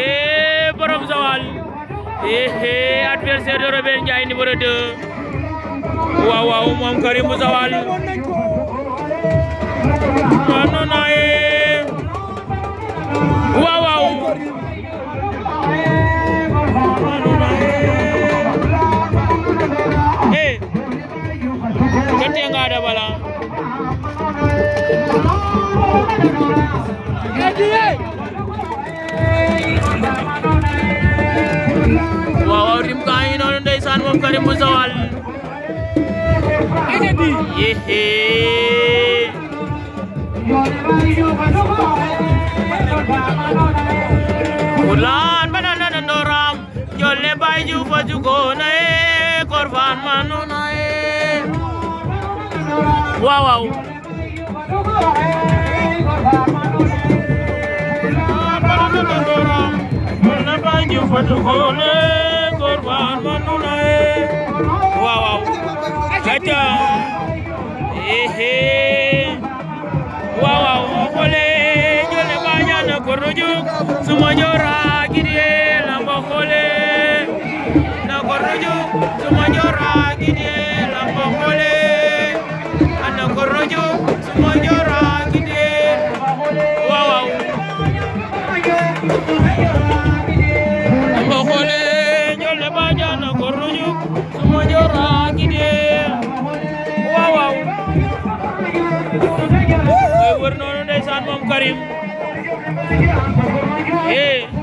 e borom zawal ehe adversaire de Robert Ndiaye numéro 2 waaw moom Karimou Zawal non non non e. eh waaw waaw eh kete nga waaw waaw rim kaa ngi noonu ndeysaan moom Karim bu Joal yéhé ulaan banana na ndoram jolle bay ju fa jugoona e korfan manuna e waaw waaw Fatou Koné Korban manu laye waaw waaw aca ehe waaw waaw xole jole ba ñana korno juk suma jora kidie lambo xole na korno juk suma jora kidie lambo xole ana ah, korno juk suma jora Gubernur Desa Mom Karim. Yeah.